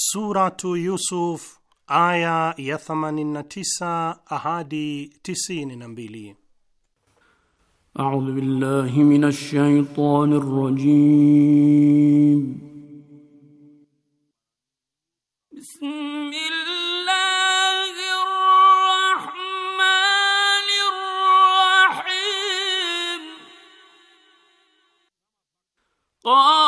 Suratu Yusuf aya ya 89 hadi 92. A'udhu billahi minash shaitanir rajim. Bismillah Oh!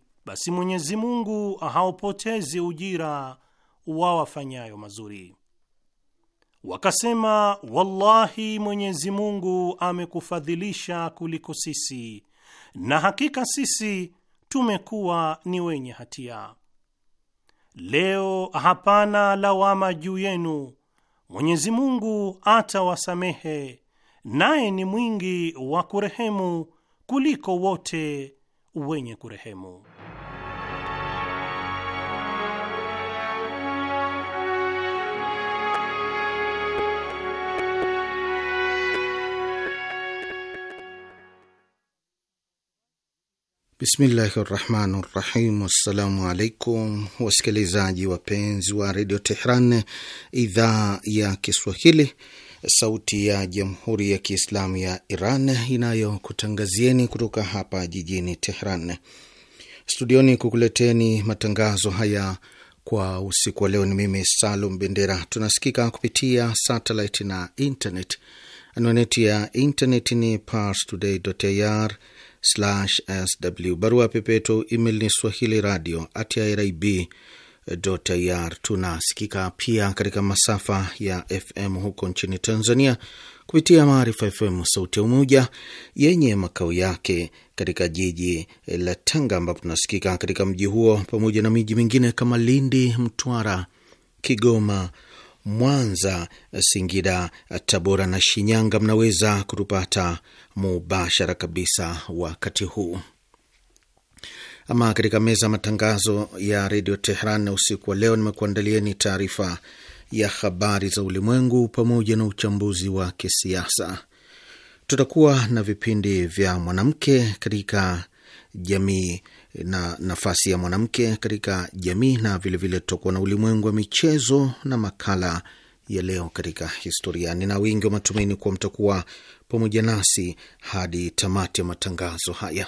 basi Mwenyezi Mungu haupotezi ujira wa wafanyayo mazuri. Wakasema, wallahi, Mwenyezi Mungu amekufadhilisha kuliko sisi, na hakika sisi tumekuwa ni wenye hatia. Leo hapana lawama juu yenu, Mwenyezi Mungu atawasamehe, naye ni mwingi wa kurehemu kuliko wote wenye kurehemu. Bismillahi rahmani rahim. Wassalamu alaikum wasikilizaji wapenzi wa redio Tehran, idhaa ya Kiswahili, sauti ya jamhuri ya Kiislamu ya Iran inayokutangazieni kutoka hapa jijini Tehran studioni kukuleteni matangazo haya kwa usiku wa leo. Ni mimi Salum Bendera. Tunasikika kupitia satellite na internet. Anwani ya internet ni parstoday.ir sw. Barua yetu email ni swahili radio at irib ir. Tunasikika pia katika masafa ya FM huko nchini Tanzania kupitia Maarifa FM Sauti ya Umoja yenye makao yake katika jiji la Tanga, ambapo tunasikika katika mji huo pamoja na miji mingine kama Lindi, Mtwara, Kigoma Mwanza, Singida, Tabora na Shinyanga, mnaweza kutupata mubashara kabisa wakati huu. Ama katika meza ya matangazo ya redio Tehran na usiku wa leo, nimekuandalieni taarifa ya habari za ulimwengu pamoja na uchambuzi wa kisiasa. Tutakuwa na vipindi vya mwanamke katika jamii na nafasi ya mwanamke katika jamii, na vilevile tutakuwa na ulimwengu wa michezo na makala ya leo katika historia. Nina wingi wa matumaini kuwa mtakuwa pamoja nasi hadi tamati ya matangazo haya.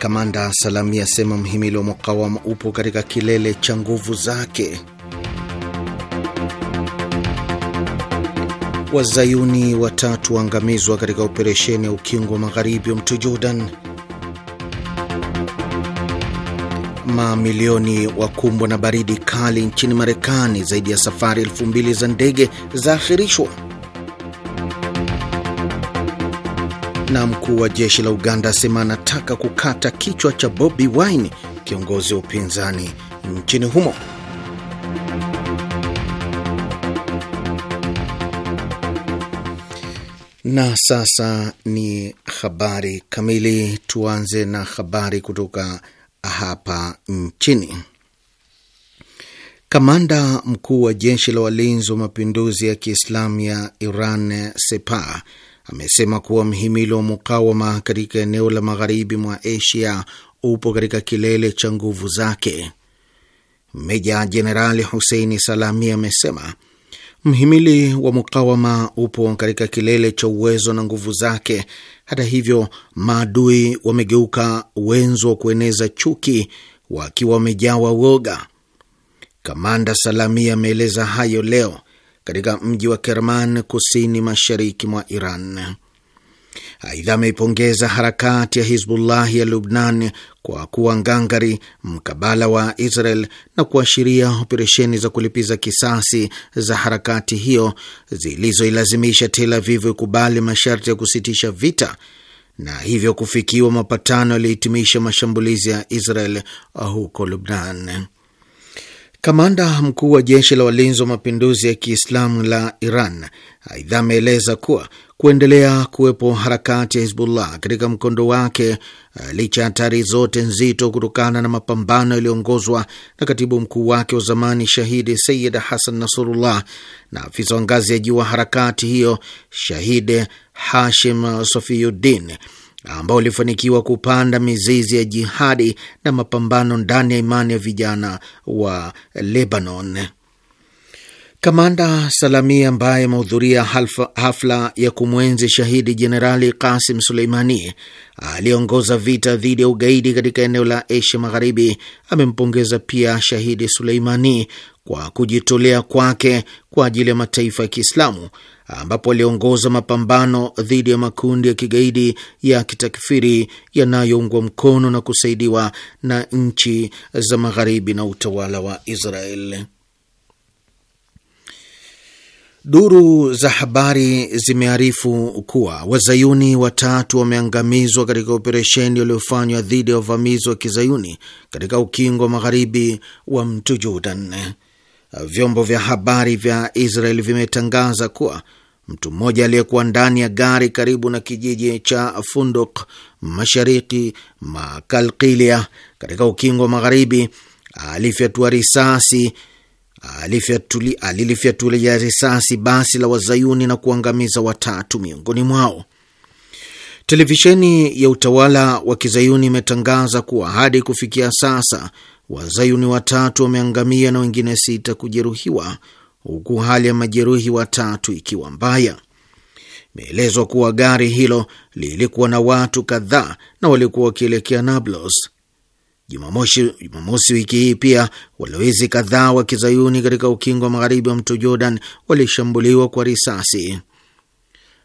Kamanda Salami asema mhimili wa mukawama upo katika kilele cha nguvu zake. Wazayuni watatu waangamizwa katika operesheni ya ukingo wa magharibi wa mto Jordan. Mamilioni wakumbwa na baridi kali nchini Marekani, zaidi ya safari elfu mbili za ndege zaahirishwa. Na mkuu wa jeshi la Uganda asema anataka kukata kichwa cha Bobi Wine, kiongozi wa upinzani nchini humo. Na sasa ni habari kamili. Tuanze na habari kutoka hapa nchini. Kamanda mkuu wa jeshi la walinzi wa mapinduzi ya Kiislamu ya Iran Sepah amesema kuwa mhimili wa mukawama katika eneo la magharibi mwa Asia upo katika kilele cha nguvu zake. Meja Jenerali Huseini Salami amesema mhimili wa mukawama upo katika kilele cha uwezo na nguvu zake. Hata hivyo, maadui wamegeuka wenzo wa kueneza chuki wakiwa wamejawa woga. Kamanda Salami ameeleza hayo leo katika mji wa Kerman kusini mashariki mwa Iran. Aidha, ameipongeza harakati ya Hizbullahi ya Lubnan kwa kuwa ngangari mkabala wa Israel na kuashiria operesheni za kulipiza kisasi za harakati hiyo zilizoilazimisha Tel Avivu ikubali masharti ya kusitisha vita na hivyo kufikiwa mapatano yaliyohitimisha mashambulizi ya Israel huko Lubnan. Kamanda mkuu wa jeshi la walinzi wa mapinduzi ya Kiislamu la Iran aidha ameeleza kuwa kuendelea kuwepo harakati ya Hizbullah katika mkondo wake eh, licha ya hatari zote nzito kutokana na mapambano yaliyoongozwa na katibu mkuu wake wa zamani shahidi Sayid Hasan Nasrullah na afisa wa ngazi ya juu wa harakati hiyo shahidi Hashim Sofiyuddin ambao ulifanikiwa kupanda mizizi ya jihadi na mapambano ndani ya imani ya vijana wa Lebanon. Kamanda Salami ambaye amehudhuria hafla ya kumwenzi shahidi Jenerali Kasim Suleimani aliyeongoza vita dhidi ya ugaidi katika eneo la Asia Magharibi amempongeza pia shahidi Suleimani kwa kujitolea kwake kwa ajili ya mataifa ya Kiislamu ambapo aliongoza mapambano dhidi ya makundi ya kigaidi ya kitakfiri yanayoungwa mkono na kusaidiwa na nchi za Magharibi na utawala wa Israel. Duru za habari zimearifu kuwa wazayuni watatu wameangamizwa katika operesheni waliofanywa dhidi ya wavamizi wa kizayuni katika ukingo wa magharibi wa mto Jordan. Uh, vyombo vya habari vya Israel vimetangaza kuwa mtu mmoja aliyekuwa ndani ya gari karibu na kijiji cha Funduk mashariki makalkilia Kalkilia katika ukingo wa magharibi alifyatua risasi alilifyatulia risasi basi la wazayuni na kuangamiza watatu miongoni mwao. Televisheni ya utawala wa kizayuni imetangaza kuwa hadi kufikia sasa Wazayuni watatu wameangamia na wengine sita kujeruhiwa, huku hali ya majeruhi watatu ikiwa mbaya. Imeelezwa kuwa gari hilo lilikuwa na watu kadhaa na walikuwa wakielekea Nablus. Jumamosi, Jumamosi wiki hii pia walowezi kadhaa wa kizayuni katika ukingo wa magharibi wa mto Jordan walishambuliwa kwa risasi.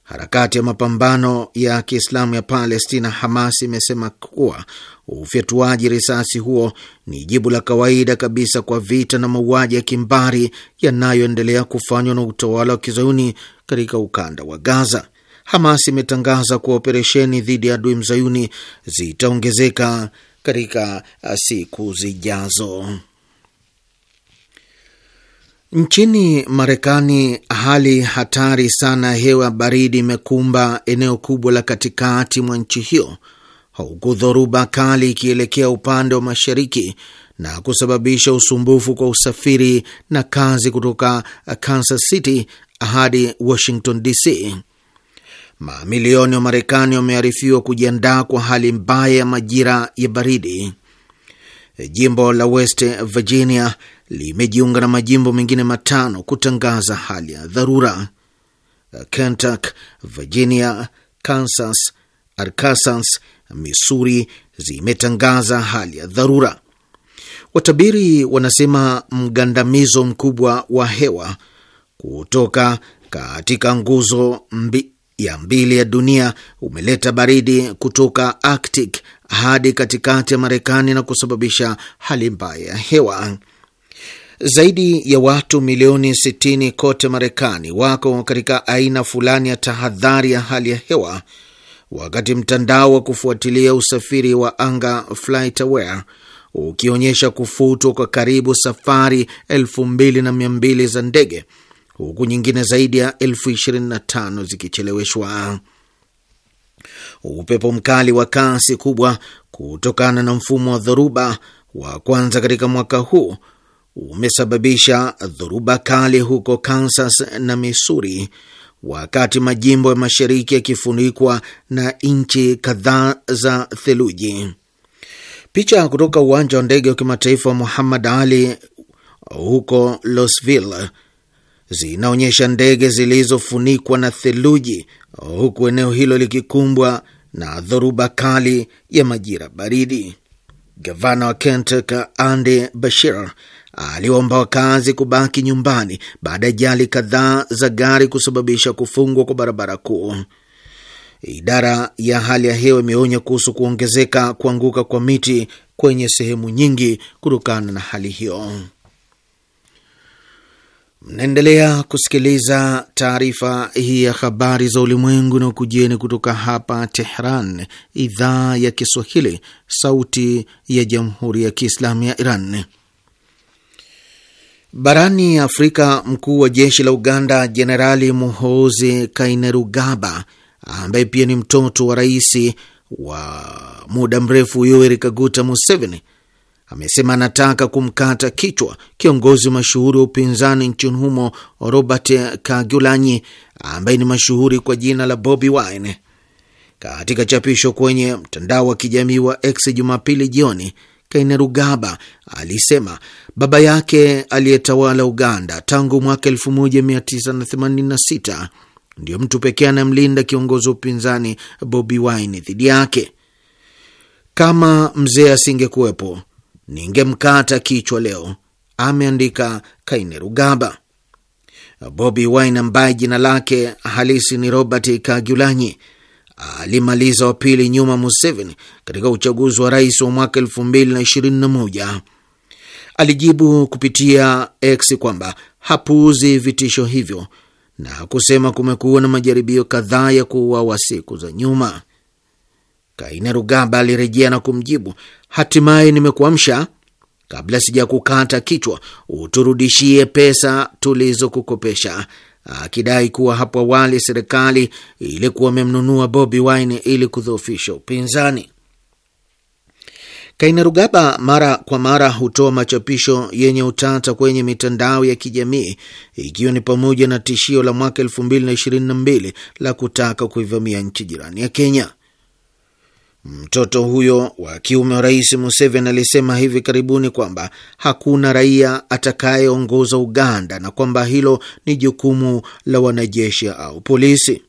Harakati ya mapambano ya Kiislamu ya Palestina, Hamas, imesema kuwa ufyatuaji risasi huo ni jibu la kawaida kabisa kwa vita na mauaji ya kimbari yanayoendelea kufanywa na utawala wa kizayuni katika ukanda wa Gaza. Hamas imetangaza kuwa operesheni dhidi ya adui mzayuni zitaongezeka katika siku zijazo. Nchini Marekani, hali hatari sana ya hewa baridi imekumba eneo kubwa la katikati mwa nchi hiyo, huku dhoruba kali ikielekea upande wa mashariki na kusababisha usumbufu kwa usafiri na kazi kutoka Kansas City hadi Washington DC. Mamilioni wa Marekani wamearifiwa kujiandaa kwa hali mbaya ya majira ya baridi. Jimbo la West Virginia limejiunga na majimbo mengine matano kutangaza hali ya dharura: Kentucky, Virginia, Kansas, Arkansas, Missouri zimetangaza hali ya dharura. Watabiri wanasema mgandamizo mkubwa wa hewa kutoka katika nguzo mbi ya mbili ya dunia umeleta baridi kutoka Arctic hadi katikati ya Marekani na kusababisha hali mbaya ya hewa. Zaidi ya watu milioni 60 kote Marekani wako katika aina fulani ya tahadhari ya hali ya hewa, wakati mtandao wa kufuatilia usafiri wa anga FlightAware ukionyesha kufutwa kwa karibu safari 2200 za ndege, huku nyingine zaidi ya 25 zikicheleweshwa. Upepo mkali wa kasi kubwa kutokana na mfumo wa dhoruba wa kwanza katika mwaka huu umesababisha dhoruba kali huko Kansas na Missouri, wakati majimbo ya mashariki yakifunikwa na inchi kadhaa za theluji. Picha kutoka uwanja wa ndege wa kimataifa wa Muhammad Ali huko Louisville zinaonyesha ndege zilizofunikwa na theluji huku eneo hilo likikumbwa na dhoruba kali ya majira baridi. Gavana wa Kentucky Andy Bashir aliwaomba wakazi kubaki nyumbani baada ya ajali kadhaa za gari kusababisha kufungwa kwa barabara kuu. Idara ya hali ya hewa imeonya kuhusu kuongezeka kuanguka kwa miti kwenye sehemu nyingi kutokana na hali hiyo. Mnaendelea kusikiliza taarifa hii ya habari za ulimwengu na ukujieni kutoka hapa Tehran, idhaa ya Kiswahili, sauti ya jamhuri ya kiislamu ya Iran. Barani Afrika, mkuu wa jeshi la Uganda Jenerali Muhoozi Kainerugaba, ambaye pia ni mtoto wa rais wa muda mrefu Yoweri Kaguta Museveni, amesema anataka kumkata kichwa kiongozi mashuhuri wa upinzani nchini humo Robert Kagulanyi, ambaye ni mashuhuri kwa jina la Bobi Wine. Katika chapisho kwenye mtandao wa kijamii wa X Jumapili jioni Kainerugaba alisema baba yake aliyetawala Uganda tangu mwaka 1986 ndiyo mtu pekee anamlinda kiongozi wa upinzani Bobi Wine dhidi yake. Kama mzee asingekuwepo, ningemkata kichwa leo, ameandika Kainerugaba. Bobi Wine ambaye jina lake halisi ni Robert Kagulanyi alimaliza wa pili nyuma Museveni katika uchaguzi wa rais wa mwaka 2021. Alijibu kupitia X kwamba hapuuzi vitisho hivyo na kusema kumekuwa na majaribio kadhaa ya kuuawa siku za nyuma. Kainerugaba alirejea na kumjibu, hatimaye nimekuamsha. Kabla sijakukata kichwa, uturudishie pesa tulizokukopesha akidai kuwa hapo awali serikali ilikuwa imemnunua Bobi Wine ili kudhoofisha upinzani. Kainerugaba mara kwa mara hutoa machapisho yenye utata kwenye mitandao ya kijamii ikiwa ni pamoja na tishio la mwaka mbili la kutaka kuivamia nchi jirani ya Kenya. Mtoto huyo wa kiume wa rais Museveni alisema hivi karibuni kwamba hakuna raia atakayeongoza Uganda na kwamba hilo ni jukumu la wanajeshi au polisi.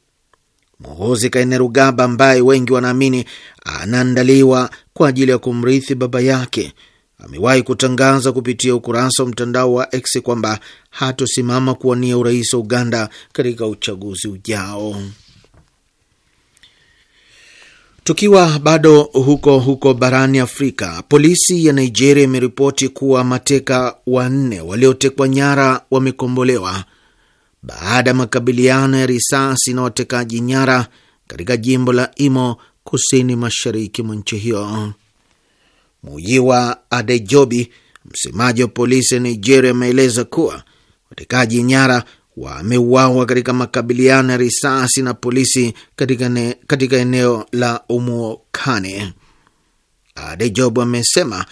muhozi Kainerugaba, ambaye wengi wanaamini anaandaliwa kwa ajili ya kumrithi baba yake, amewahi kutangaza kupitia ukurasa wa mtandao wa X kwamba hatosimama kuwania urais wa Uganda katika uchaguzi ujao. Tukiwa bado huko huko barani Afrika, polisi ya Nigeria imeripoti kuwa mateka wanne waliotekwa nyara wamekombolewa baada ya makabiliano ya risasi na watekaji nyara katika jimbo la Imo, kusini mashariki mwa nchi hiyo. Muyiwa Adejobi, msemaji wa polisi ya Nigeria, ameeleza kuwa watekaji nyara wameuawa katika makabiliano ya risasi na polisi katika, ne, katika eneo la Umuokani. Adejobu amesema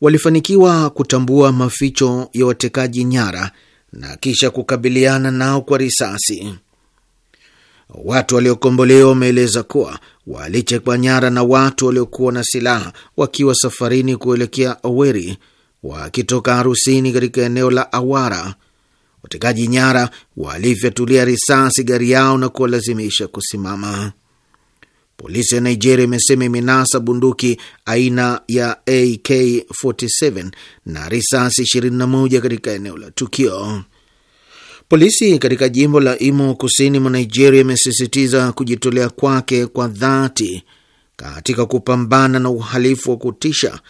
walifanikiwa kutambua maficho ya watekaji nyara na kisha kukabiliana nao kwa risasi. Watu waliokombolewa wameeleza kuwa walichekwa nyara na watu waliokuwa na silaha wakiwa safarini kuelekea Oweri wakitoka harusini katika eneo la Awara watekaji nyara walivyotulia risasi gari yao na kuwalazimisha kusimama. Polisi ya Nigeria imesema imenasa bunduki aina ya AK47 na risasi 21 katika eneo la tukio. Polisi katika jimbo la Imo kusini mwa Nigeria imesisitiza kujitolea kwake kwa dhati katika kupambana na uhalifu wa kutisha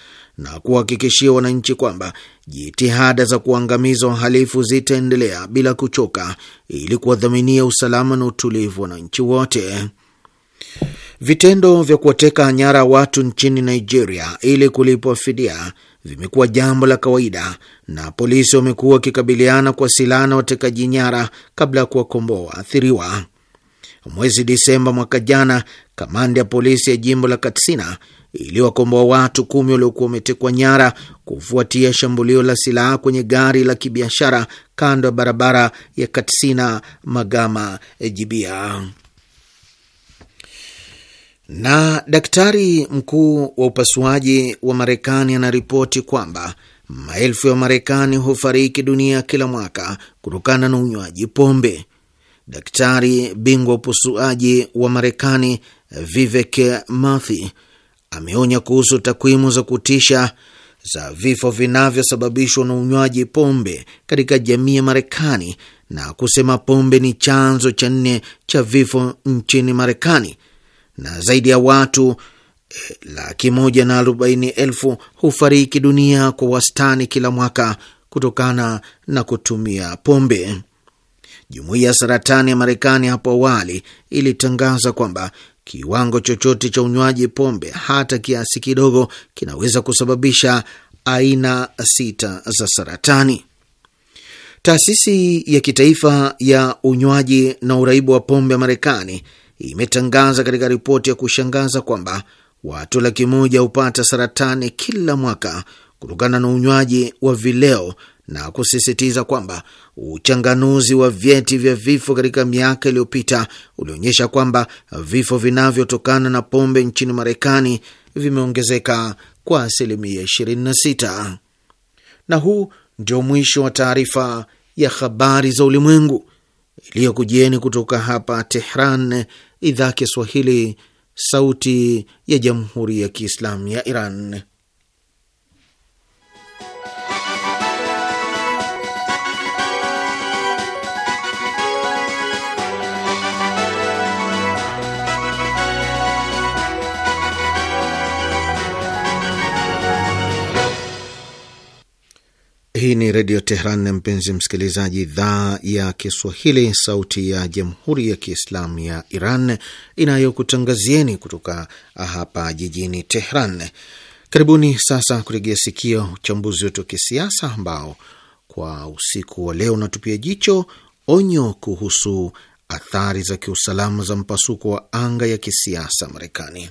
na kuhakikishia wananchi kwamba jitihada za kuangamiza wahalifu zitaendelea bila kuchoka ili kuwadhaminia usalama na utulivu wa wananchi wote. Vitendo vya kuwateka nyara watu nchini Nigeria ili kulipwa fidia vimekuwa jambo la kawaida na polisi wamekuwa wakikabiliana kwa silaha na watekaji nyara kabla ya kuwakomboa waathiriwa. Mwezi Disemba mwaka jana, kamanda ya polisi ya jimbo la Katsina iliwakomboa watu kumi waliokuwa wametekwa nyara kufuatia shambulio la silaha kwenye gari la kibiashara kando ya barabara ya Katsina Magama Jibia. Na daktari mkuu wa upasuaji wa Marekani anaripoti kwamba maelfu ya Wamarekani hufariki dunia kila mwaka kutokana na unywaji pombe. Daktari bingwa upusuaji wa Marekani Vivek Murthy ameonya kuhusu takwimu za kutisha za vifo vinavyosababishwa na unywaji pombe katika jamii ya Marekani na kusema pombe ni chanzo cha nne cha vifo nchini Marekani na zaidi ya watu eh, laki moja na arobaini elfu hufariki dunia kwa wastani kila mwaka kutokana na kutumia pombe. Jumuiya ya saratani ya Marekani hapo awali ilitangaza kwamba kiwango chochote cha unywaji pombe hata kiasi kidogo kinaweza kusababisha aina sita za saratani. Taasisi ya kitaifa ya unywaji na uraibu wa pombe ya Marekani imetangaza katika ripoti ya kushangaza kwamba watu laki moja hupata saratani kila mwaka kutokana na unywaji wa vileo na kusisitiza kwamba uchanganuzi wa vyeti vya vifo katika miaka iliyopita ulionyesha kwamba vifo vinavyotokana na pombe nchini Marekani vimeongezeka kwa asilimia 26. Na huu ndio mwisho wa taarifa ya habari za ulimwengu iliyokujieni kutoka hapa Tehran, idhaa Kiswahili, sauti ya jamhuri ya kiislamu ya Iran. Hii ni Redio Tehran, mpenzi msikilizaji, idhaa ya Kiswahili, sauti ya Jamhuri ya Kiislamu ya Iran inayokutangazieni kutoka hapa jijini Tehran. Karibuni sasa kuregea sikio uchambuzi wetu wa kisiasa ambao kwa usiku wa leo unatupia jicho onyo kuhusu athari za kiusalama za mpasuko wa anga ya kisiasa Marekani.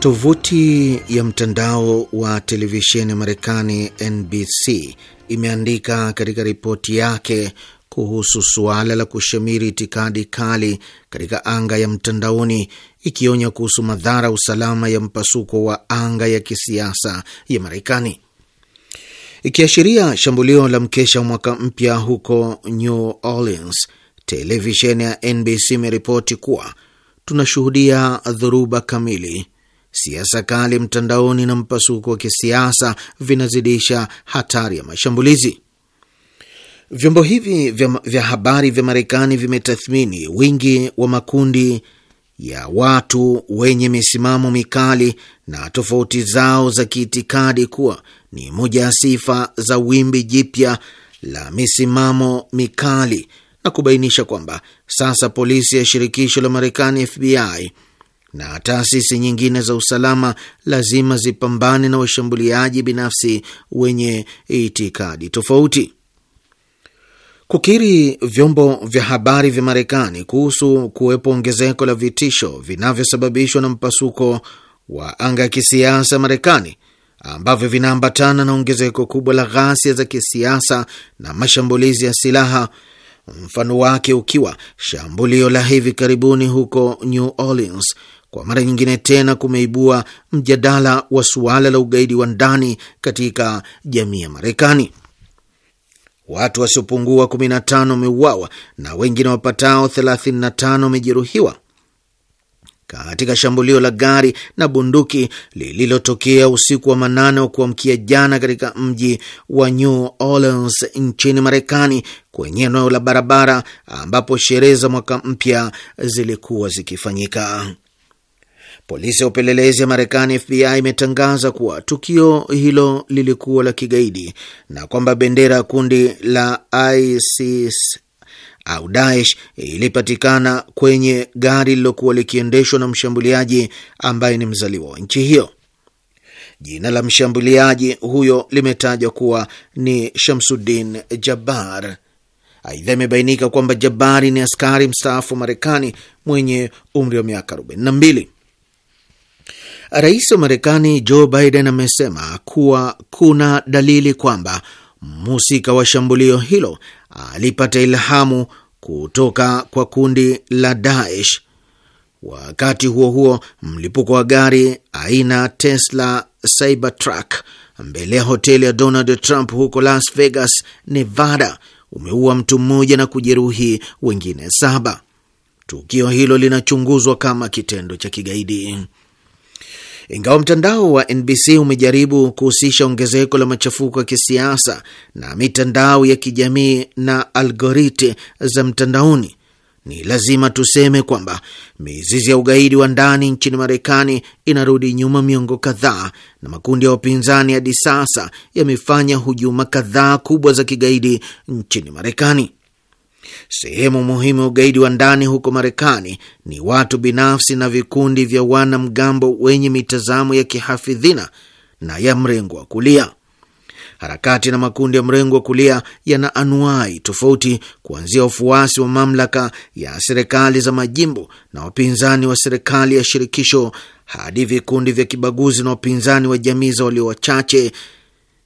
Tovuti ya mtandao wa televisheni ya Marekani NBC imeandika katika ripoti yake kuhusu suala la kushamiri itikadi kali katika anga ya mtandaoni, ikionya kuhusu madhara usalama ya mpasuko wa anga ya kisiasa ya Marekani, ikiashiria shambulio la mkesha mwaka mpya huko New Orleans. Televisheni ya NBC imeripoti kuwa tunashuhudia dhoruba kamili siasa kali mtandaoni na mpasuko wa kisiasa vinazidisha hatari ya mashambulizi. Vyombo hivi vya, vya habari vya Marekani vimetathmini wingi wa makundi ya watu wenye misimamo mikali na tofauti zao za kiitikadi kuwa ni moja ya sifa za wimbi jipya la misimamo mikali na kubainisha kwamba sasa polisi ya shirikisho la Marekani FBI na taasisi nyingine za usalama lazima zipambane na washambuliaji binafsi wenye itikadi tofauti. Kukiri vyombo vya habari vya Marekani kuhusu kuwepo ongezeko la vitisho vinavyosababishwa na mpasuko wa anga ya kisiasa Marekani ambavyo vinaambatana na ongezeko kubwa la ghasia za kisiasa na mashambulizi ya silaha, mfano wake ukiwa shambulio la hivi karibuni huko New Orleans kwa mara nyingine tena kumeibua mjadala wa suala la ugaidi wa ndani katika jamii ya Marekani. Watu wasiopungua 15 wameuawa na wengine wapatao 35 wamejeruhiwa katika shambulio la gari na bunduki lililotokea usiku wa manane wa kuamkia jana katika mji wa New Orleans nchini Marekani, kwenye eneo la barabara ambapo sherehe za mwaka mpya zilikuwa zikifanyika. Polisi ya upelelezi ya Marekani, FBI, imetangaza kuwa tukio hilo lilikuwa la kigaidi na kwamba bendera ya kundi la ISIS au Daesh ilipatikana kwenye gari lilokuwa likiendeshwa na mshambuliaji ambaye ni mzaliwa wa nchi hiyo. Jina la mshambuliaji huyo limetajwa kuwa ni Shamsuddin Jabbar. Aidha, imebainika kwamba Jabari ni askari mstaafu wa Marekani mwenye umri wa miaka 42. Rais wa Marekani Joe Biden amesema kuwa kuna dalili kwamba mhusika wa shambulio hilo alipata ilhamu kutoka kwa kundi la Daesh. Wakati huo huo, mlipuko wa gari aina Tesla Cybertruck mbele ya hoteli ya Donald Trump huko Las Vegas, Nevada umeua mtu mmoja na kujeruhi wengine saba. Tukio hilo linachunguzwa kama kitendo cha kigaidi. Ingawa mtandao wa NBC umejaribu kuhusisha ongezeko la machafuko ya kisiasa na mitandao ya kijamii na algoriti za mtandaoni, ni lazima tuseme kwamba mizizi ya ugaidi wa ndani nchini Marekani inarudi nyuma miongo kadhaa, na makundi ya upinzani hadi sasa yamefanya hujuma kadhaa kubwa za kigaidi nchini Marekani. Sehemu muhimu ya ugaidi wa ndani huko Marekani ni watu binafsi na vikundi vya wanamgambo wenye mitazamo ya kihafidhina na ya mrengo wa kulia. Harakati na makundi ya mrengo wa kulia yana anuai tofauti, kuanzia wafuasi wa mamlaka ya serikali za majimbo na wapinzani wa serikali ya shirikisho hadi vikundi vya kibaguzi na wapinzani wa jamii za walio wachache,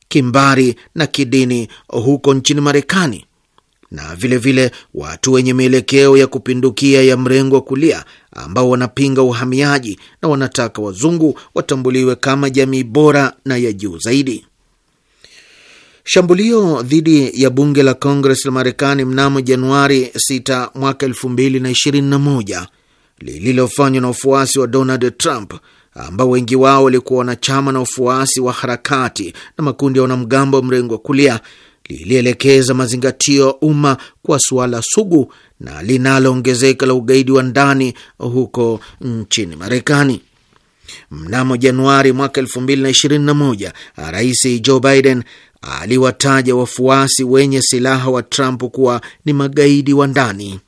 kimbari na kidini huko nchini Marekani na vilevile vile watu wenye mielekeo ya kupindukia ya mrengo wa kulia ambao wanapinga uhamiaji na wanataka wazungu watambuliwe kama jamii bora na ya juu zaidi. Shambulio dhidi ya bunge la Kongres la Marekani mnamo Januari 6 mwaka 2021 lililofanywa na wafuasi wa Donald Trump ambao wengi wao walikuwa wanachama na wafuasi wa harakati na makundi ya wanamgambo wa mrengo wa kulia lilielekeza mazingatio ya umma kwa suala sugu na linaloongezeka la ugaidi wa ndani huko nchini Marekani. Mnamo Januari mwaka moja, Rais Joe Biden aliwataja wafuasi wenye silaha wa Trump kuwa ni magaidi wa ndani.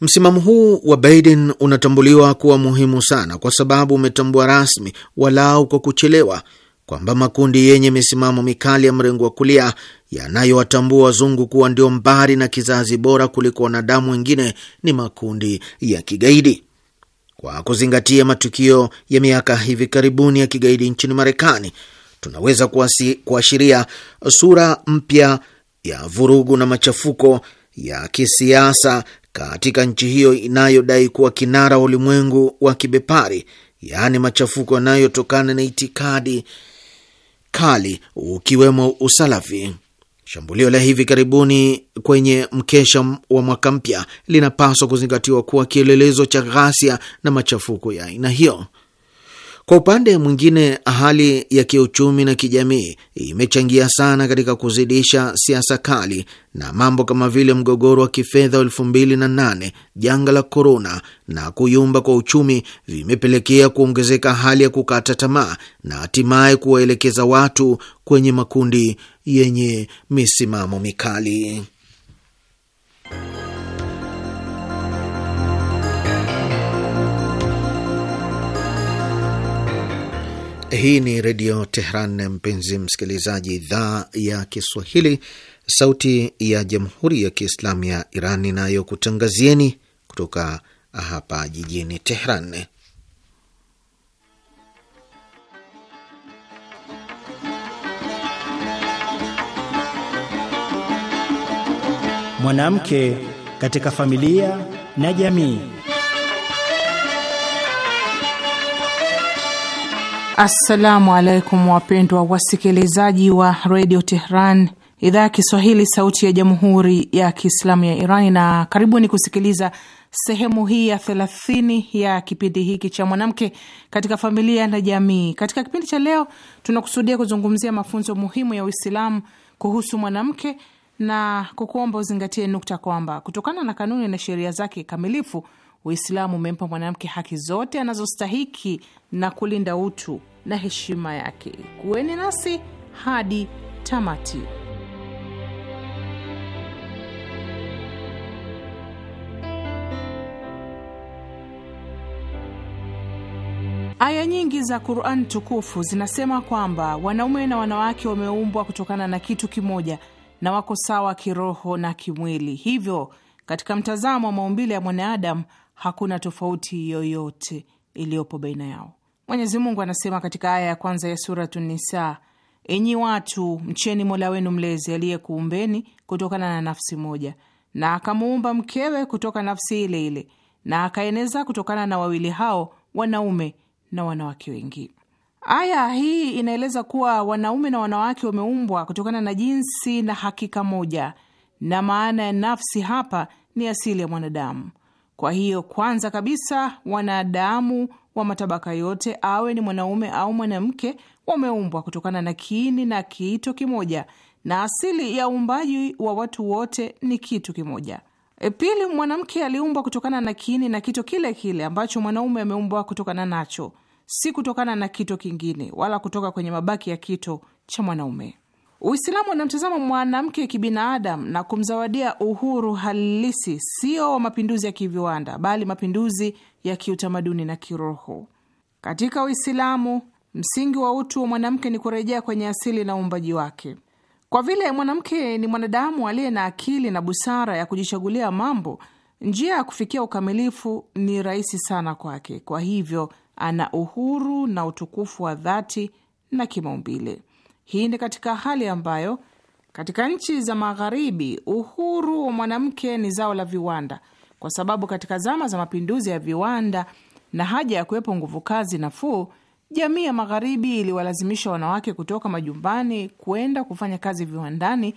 Msimamo huu wa Biden unatambuliwa kuwa muhimu sana kwa sababu umetambua rasmi, walau kwa kuchelewa, kwamba makundi yenye misimamo mikali ya mrengo wa kulia yanayowatambua wazungu kuwa ndio mbari na kizazi bora kuliko wanadamu wengine ni makundi ya kigaidi. Kwa kuzingatia matukio ya miaka hivi karibuni ya kigaidi nchini Marekani, tunaweza kuashiria sura mpya ya vurugu na machafuko ya kisiasa katika nchi hiyo inayodai kuwa kinara wa ulimwengu wa kibepari, yaani machafuko yanayotokana na itikadi kali ukiwemo usalafi. Shambulio la hivi karibuni kwenye mkesha wa mwaka mpya linapaswa kuzingatiwa kuwa kielelezo cha ghasia na machafuko ya aina hiyo. Kwa upande mwingine, hali ya kiuchumi na kijamii imechangia sana katika kuzidisha siasa kali na mambo kama vile mgogoro wa kifedha wa elfu mbili na nane, janga la korona na kuyumba kwa uchumi vimepelekea kuongezeka hali ya kukata tamaa na hatimaye kuwaelekeza watu kwenye makundi yenye misimamo mikali. Hii ni Redio Tehran, mpenzi msikilizaji, idhaa ya Kiswahili, sauti ya Jamhuri ya Kiislamu ya Iran inayokutangazieni kutoka hapa jijini Tehran. Mwanamke katika familia na jamii. Assalamu alaikum wapendwa wasikilizaji wa redio Tehran, idhaa ya Kiswahili, sauti ya jamhuri ya kiislamu ya Iran, na karibuni kusikiliza sehemu hii ya thelathini ya kipindi hiki cha mwanamke katika familia na jamii. Katika kipindi cha leo, tunakusudia kuzungumzia mafunzo muhimu ya Uislamu kuhusu mwanamke na kukuomba uzingatie nukta kwamba kutokana na kanuni na sheria zake kamilifu Uislamu umempa mwanamke haki zote anazostahiki na kulinda utu na heshima yake. Kuweni nasi hadi tamati. Aya nyingi za Quran tukufu zinasema kwamba wanaume na wanawake wameumbwa kutokana na kitu kimoja na wako sawa kiroho na kimwili. Hivyo, katika mtazamo wa maumbile ya mwanadamu, hakuna tofauti yoyote iliyopo baina yao. Mwenyezi Mungu anasema katika aya ya kwanza ya Suratu Nisa, enyi watu mcheni Mola wenu mlezi aliyekuumbeni kutokana na nafsi moja, na akamuumba mkewe kutoka nafsi ile ile, na akaeneza kutokana na wawili hao wanaume na wanawake wengi. Aya hii inaeleza kuwa wanaume na wanawake wameumbwa kutokana na jinsi na hakika moja, na maana ya nafsi hapa ni asili ya mwanadamu. Kwa hiyo kwanza kabisa, wanadamu wa matabaka yote, awe ni mwanaume au mwanamke, wameumbwa kutokana na kiini na kiito kimoja, na asili ya uumbaji wa watu wote ni kitu kimoja. E, pili, mwanamke aliumbwa kutokana na kiini na kito kile kile ambacho mwanaume ameumbwa kutokana nacho, si kutokana na kito kingine wala kutoka kwenye mabaki ya kito cha mwanaume. Uislamu unamtazama mwanamke kibinadamu na kumzawadia uhuru halisi, sio mapinduzi ya kiviwanda, bali mapinduzi ya kiutamaduni na kiroho. Katika Uislamu, msingi wa utu wa mwanamke ni kurejea kwenye asili na uumbaji wake. Kwa vile mwanamke ni mwanadamu aliye na akili na busara ya kujichagulia mambo, njia ya kufikia ukamilifu ni rahisi sana kwake. Kwa hivyo, ana uhuru na utukufu wa dhati na kimaumbile. Hii ni katika hali ambayo katika nchi za Magharibi uhuru wa mwanamke ni zao la viwanda, kwa sababu katika zama za mapinduzi ya viwanda na haja ya kuwepo nguvu kazi nafuu, jamii ya Magharibi iliwalazimisha wanawake kutoka majumbani kwenda kufanya kazi viwandani,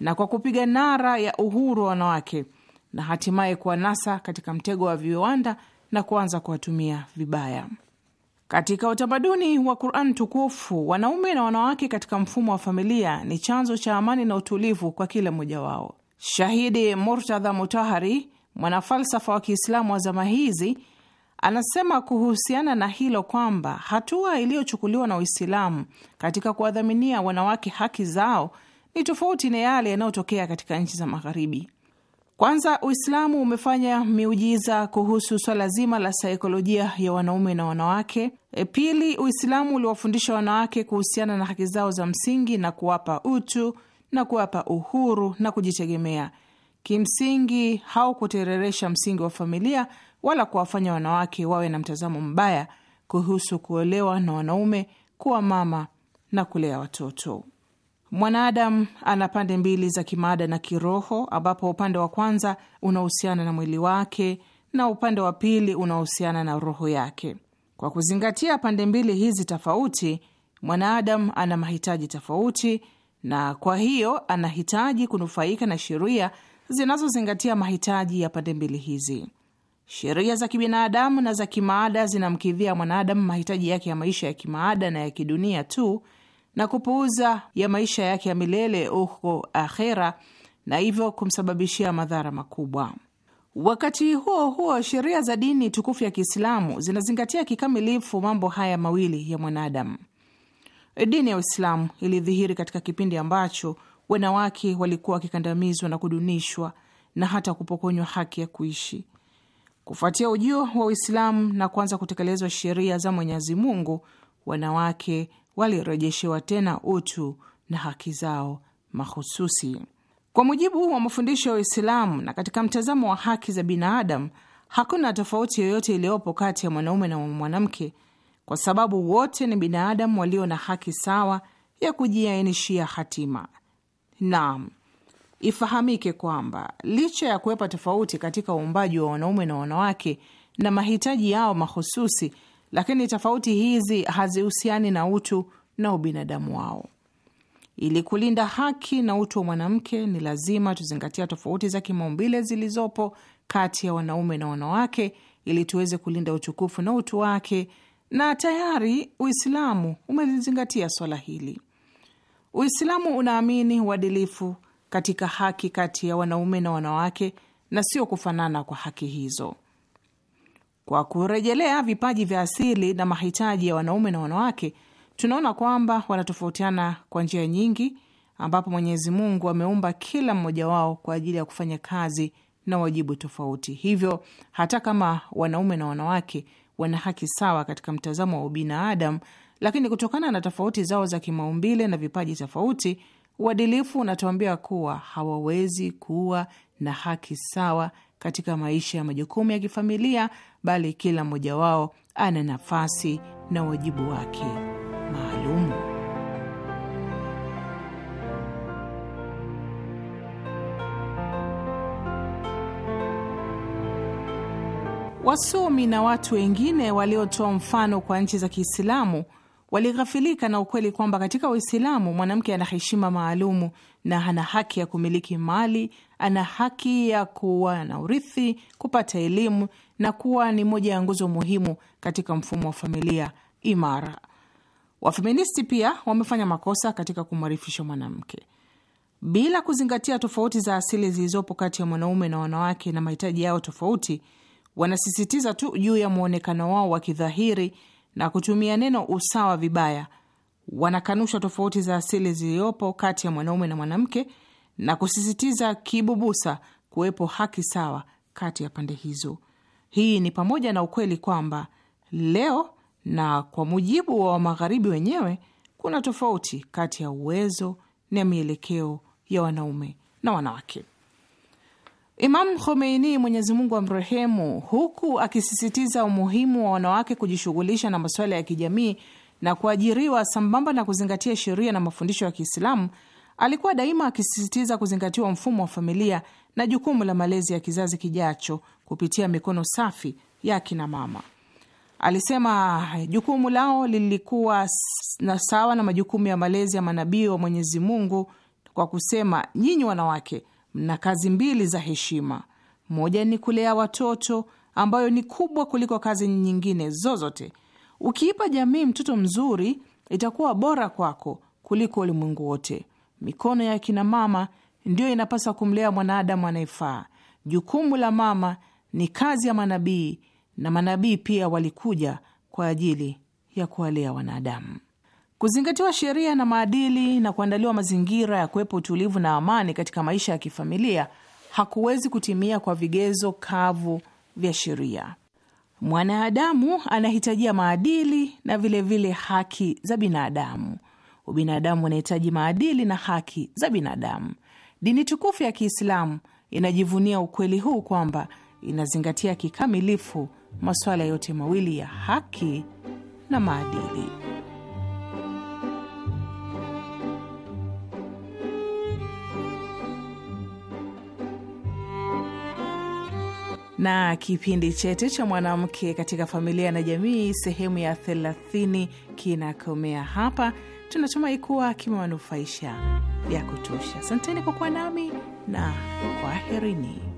na kwa kupiga nara ya uhuru wa wanawake na hatimaye kuwanasa katika mtego wa viwanda na kuanza kuwatumia vibaya. Katika utamaduni wa Quran tukufu, wanaume na wanawake katika mfumo wa familia ni chanzo cha amani na utulivu kwa kila mmoja wao. Shahidi Murtadha Mutahari, mwanafalsafa wa Kiislamu wa zama hizi, anasema kuhusiana na hilo kwamba hatua iliyochukuliwa na Uislamu katika kuwadhaminia wanawake haki zao ni tofauti na yale yanayotokea katika nchi za Magharibi. Kwanza, Uislamu umefanya miujiza kuhusu swala zima la saikolojia ya wanaume na wanawake. E, pili, Uislamu uliwafundisha wanawake kuhusiana na haki zao za msingi na kuwapa utu na kuwapa uhuru na kujitegemea. Kimsingi haukutereresha msingi wa familia wala kuwafanya wanawake wawe na mtazamo mbaya kuhusu kuolewa na wanaume, kuwa mama na kulea watoto. Mwanadamu ana pande mbili za kimaada na kiroho, ambapo upande wa kwanza unahusiana na mwili wake na upande wa pili unahusiana na roho yake. Kwa kuzingatia pande mbili hizi tofauti, mwanadamu ana mahitaji tofauti, na kwa hiyo anahitaji kunufaika na sheria zinazozingatia mahitaji ya pande mbili hizi. Sheria za kibinadamu na za kimaada zinamkidhia mwanadamu mahitaji yake ya maisha ya kimaada na ya kidunia tu na kupuuza ya maisha yake ya milele huko akhera, na hivyo kumsababishia madhara makubwa. Wakati huo huo, sheria za dini tukufu ya Kiislamu zinazingatia kikamilifu mambo haya mawili ya mwanadamu. Dini ya Uislamu ilidhihiri katika kipindi ambacho wanawake walikuwa wakikandamizwa na kudunishwa na hata kupokonywa haki ya kuishi. Kufuatia ujio wa Uislamu na kuanza kutekelezwa sheria za Mwenyezi Mungu, wanawake walirejeshewa tena utu na haki zao mahususi kwa mujibu wa mafundisho ya Uislamu. Na katika mtazamo wa haki za binadamu hakuna tofauti yoyote iliyopo kati ya mwanaume na mwanamke, kwa sababu wote ni binadamu walio na haki sawa ya kujiainishia hatima. Naam, ifahamike kwamba licha ya kuwepa tofauti katika uumbaji wa wanaume na wanawake na mahitaji yao mahususi lakini tofauti hizi hazihusiani na utu na ubinadamu wao. Ili kulinda haki na utu wa mwanamke, ni lazima tuzingatia tofauti za kimaumbile zilizopo kati ya wanaume na wanawake ili tuweze kulinda utukufu na utu wake, na tayari Uislamu umelizingatia swala hili. Uislamu unaamini uadilifu katika haki kati ya wanaume na wanawake na sio kufanana kwa haki hizo. Kwa kurejelea vipaji vya asili na mahitaji ya wanaume na wanawake, tunaona kwamba wanatofautiana kwa njia nyingi, ambapo Mwenyezi Mungu ameumba kila mmoja wao kwa ajili ya kufanya kazi na wajibu tofauti. Hivyo hata kama wanaume na wanawake wana haki sawa katika mtazamo wa ubinadamu, lakini kutokana na tofauti zao za kimaumbile na vipaji tofauti Uadilifu unatuambia kuwa hawawezi kuwa na haki sawa katika maisha ya majukumu ya kifamilia, bali kila mmoja wao ana nafasi na wajibu wake maalum Wasomi na watu wengine waliotoa mfano kwa nchi za Kiislamu walighafilika na ukweli kwamba katika Uislamu mwanamke ana heshima maalumu na ana haki ya kumiliki mali, ana haki ya kuwa na urithi, kupata elimu na kuwa ni moja ya nguzo muhimu katika mfumo wa familia imara. Wafeministi pia wamefanya makosa katika kumwarifisha mwanamke bila kuzingatia tofauti za asili zilizopo kati ya mwanaume na wanawake na mahitaji yao tofauti. Wanasisitiza tu juu ya mwonekano wao wa kidhahiri na kutumia neno usawa vibaya, wanakanusha tofauti za asili zilizopo kati ya mwanaume na mwanamke na kusisitiza kibubusa kuwepo haki sawa kati ya pande hizo. Hii ni pamoja na ukweli kwamba leo na kwa mujibu wa Magharibi wenyewe kuna tofauti kati ya uwezo na mielekeo ya wanaume na wanawake. Imam Khomeini, Mwenyezi Mungu amrehemu, huku akisisitiza umuhimu wa wanawake kujishughulisha na masuala ya kijamii na kuajiriwa sambamba na kuzingatia sheria na mafundisho ya Kiislamu, alikuwa daima akisisitiza kuzingatiwa mfumo wa familia na jukumu la malezi ya kizazi kijacho kupitia mikono safi ya kina mama. Alisema jukumu lao lilikuwa na sawa na majukumu ya malezi ya manabii wa Mwenyezi Mungu kwa kusema, nyinyi wanawake mna kazi mbili za heshima. Moja ni kulea watoto, ambayo ni kubwa kuliko kazi nyingine zozote. Ukiipa jamii mtoto mzuri, itakuwa bora kwako kuliko ulimwengu wote. Mikono ya kina mama ndiyo inapaswa kumlea mwanadamu anayefaa. Jukumu la mama ni kazi ya manabii, na manabii pia walikuja kwa ajili ya kuwalea wanadamu. Kuzingatiwa sheria na maadili na kuandaliwa mazingira ya kuwepo utulivu na amani katika maisha ya kifamilia hakuwezi kutimia kwa vigezo kavu vya sheria. Mwanadamu anahitajia maadili na vilevile vile haki za binadamu. Ubinadamu unahitaji maadili na haki za binadamu. Dini tukufu ya Kiislamu inajivunia ukweli huu kwamba inazingatia kikamilifu masuala yote mawili ya haki na maadili. na kipindi chetu cha mwanamke katika familia na jamii sehemu ya 30 kinakomea hapa. Tunatumai kuwa kimewanufaisha ya kutosha. Asanteni kwa kuwa nami na kwaherini.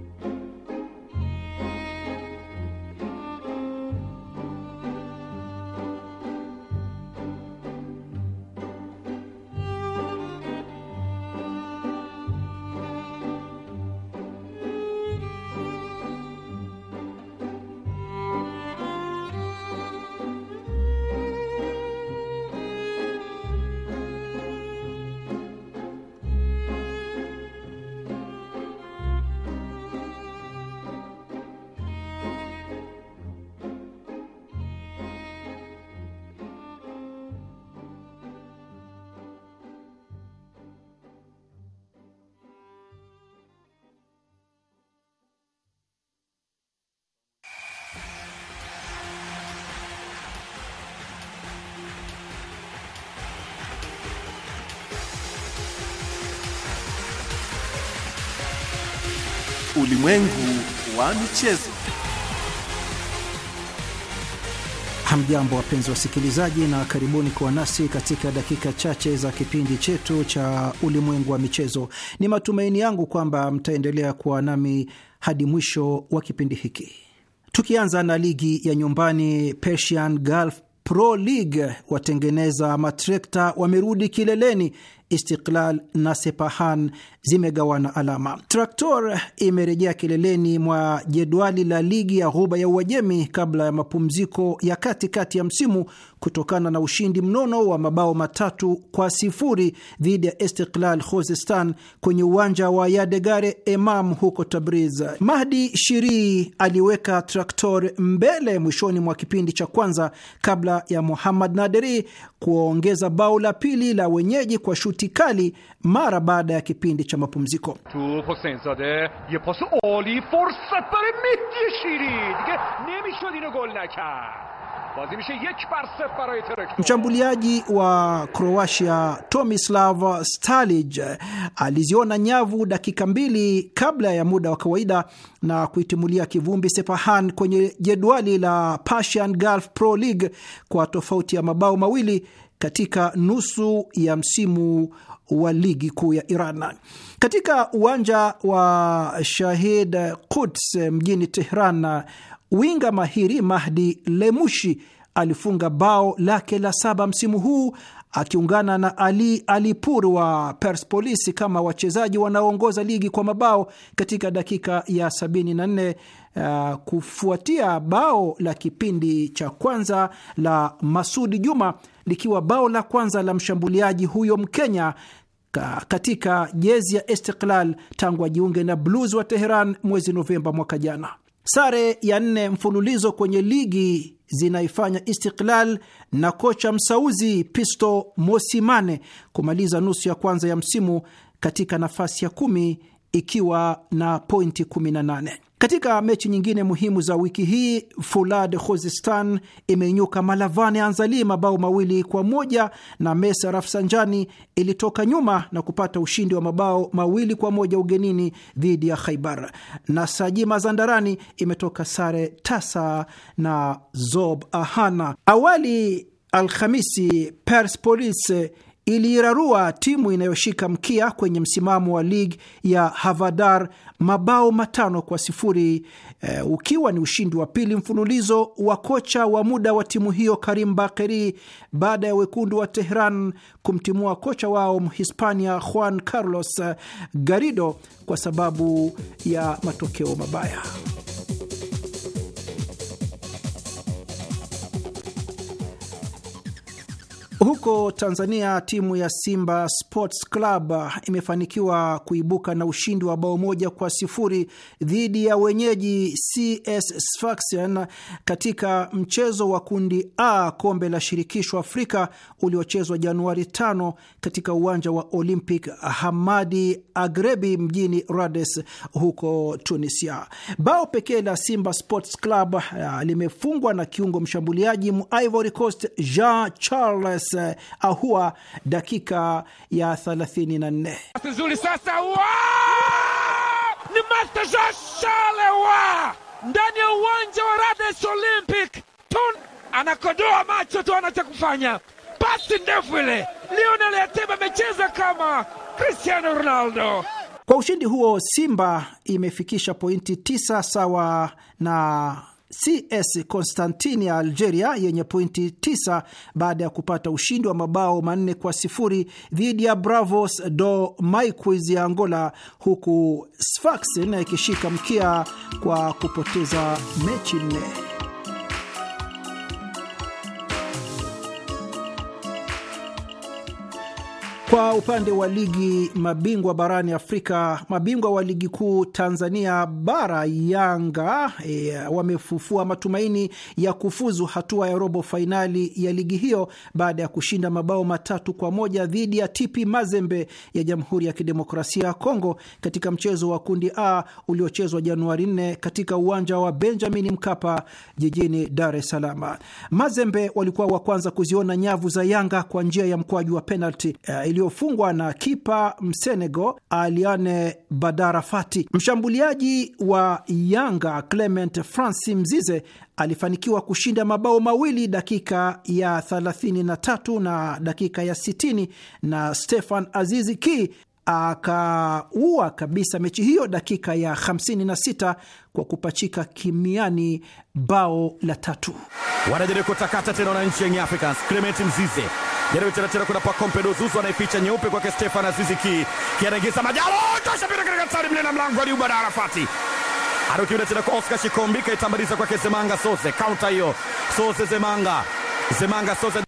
Ulimwengu wa michezo. Hamjambo, wapenzi wasikilizaji, na karibuni kuwa nasi katika dakika chache za kipindi chetu cha ulimwengu wa michezo. Ni matumaini yangu kwamba mtaendelea kuwa nami hadi mwisho wa kipindi hiki, tukianza na ligi ya nyumbani Persian Gulf Pro League. Watengeneza matrekta wamerudi kileleni Istiklal na Sepahan zimegawana alama. Traktor imerejea kileleni mwa jedwali la ligi ya Ghuba ya Uajemi kabla ya mapumziko ya katikati kati ya msimu kutokana na ushindi mnono wa mabao matatu kwa sifuri dhidi ya Istiklal Khuzestan kwenye uwanja wa Yadegare Emam huko Tabriz. Mahdi Shiri aliweka Traktor mbele mwishoni mwa kipindi cha kwanza kabla ya Muhammad Naderi kuongeza bao la pili la wenyeji kwa shuti kali mara baada ya kipindi cha mapumziko. Mshambuliaji wa croatia Tomislav Stalij aliziona nyavu dakika mbili kabla ya muda wa kawaida na kuitimulia kivumbi Sepahan kwenye jedwali la Persian Gulf Pro League kwa tofauti ya mabao mawili katika nusu ya msimu wa ligi kuu ya Iran. Katika uwanja wa Shahid Quds mjini Tehran winga mahiri Mahdi Lemushi alifunga bao lake la saba msimu huu akiungana na Ali Alipur wa Persepolis kama wachezaji wanaoongoza ligi kwa mabao katika dakika ya 74 uh, kufuatia bao la kipindi cha kwanza la Masudi Juma likiwa bao la kwanza la mshambuliaji huyo Mkenya katika jezi ya Istiklal tangu ajiunge na Blues wa Teheran mwezi Novemba mwaka jana. Sare ya nne mfululizo kwenye ligi zinaifanya Istiklal na kocha msauzi Pisto Mosimane kumaliza nusu ya kwanza ya msimu katika nafasi ya kumi ikiwa na pointi 18. Katika mechi nyingine muhimu za wiki hii, Fulad Khuzistan imeinyuka Malavane Anzali mabao mawili kwa moja na Mesa Rafsanjani ilitoka nyuma na kupata ushindi wa mabao mawili kwa moja ugenini dhidi ya Khaibar, na Sajima Zandarani imetoka sare tasa na Zob Ahana. Awali Alhamisi Persepolis iliirarua timu inayoshika mkia kwenye msimamo wa ligi ya Havadar mabao matano kwa sifuri e, ukiwa ni ushindi wa pili mfululizo wa kocha wa muda wa timu hiyo Karim Bakeri baada ya wekundu wa Tehran kumtimua kocha wao Mhispania Juan Carlos eh, Garrido kwa sababu ya matokeo mabaya. Huko Tanzania, timu ya Simba Sports Club imefanikiwa kuibuka na ushindi wa bao moja kwa sifuri dhidi ya wenyeji CS Sfaxien katika mchezo wa kundi A kombe la shirikisho Afrika uliochezwa Januari 5 katika uwanja wa Olympic Hamadi Agrebi mjini Rades huko Tunisia. Bao pekee la Simba Sports Club eh, limefungwa na kiungo mshambuliaji mu Ivory Coast Jean Charles Eh, ahua dakika ya 34 ndani ya uwanja wa Rades Olympic Tun anakodoa macho tu, anacha kufanya pasi ndefu ile. Lionel Ateba amecheza kama Cristiano Ronaldo. Kwa ushindi huo Simba imefikisha pointi tisa sawa na CS Constantine ya Algeria yenye pointi 9 baada ya kupata ushindi wa mabao manne kwa sifuri dhidi ya Bravos do Maiquis ya Angola, huku Sfaxien ikishika mkia kwa kupoteza mechi nne. Kwa upande wa ligi mabingwa barani Afrika, mabingwa wa ligi kuu Tanzania bara Yanga e, wamefufua matumaini ya kufuzu hatua ya robo fainali ya ligi hiyo baada ya kushinda mabao matatu kwa moja dhidi ya TP Mazembe ya Jamhuri ya Kidemokrasia ya Kongo katika mchezo wa kundi A uliochezwa Januari 4 katika uwanja wa Benjamin Mkapa jijini Dar es Salaam. Mazembe walikuwa wa kwanza kuziona nyavu za Yanga kwa njia ya mkwaju wa penalti e, iliyofungwa na kipa Msenego Aliane Badarafati. Mshambuliaji wa Yanga Clement Francis Mzize alifanikiwa kushinda mabao mawili dakika ya 33 na dakika ya 60, na Stefan Azizi Ki akaua kabisa mechi hiyo dakika ya 56 kwa kupachika kimiani bao la tatu. Wanajaribu kutakata tena wananchi wenye Africans. Clement Mzize Jaribu chera chera, kuna pa Kompedo anaificha nyeupe kwake Stefan Azizi ki kianaingiza Majalo, tosha pira katika tsari mle na mlango Ayuba Arafati aruki tena kwa Oscar Shikombi, kaitambaliza kwake Zemanga soze kaunta hiyo soze Zemanga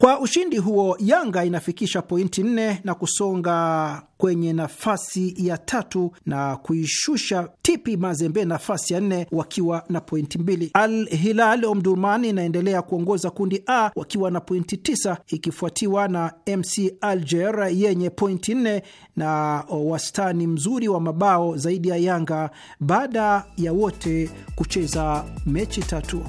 kwa ushindi huo Yanga inafikisha pointi nne na kusonga kwenye nafasi ya tatu na kuishusha Tipi Mazembe nafasi ya nne wakiwa na pointi mbili. Al Hilal Omdurman inaendelea kuongoza kundi A wakiwa na pointi tisa ikifuatiwa na MC Alger yenye pointi nne na wastani mzuri wa mabao zaidi ya Yanga baada ya wote kucheza mechi tatu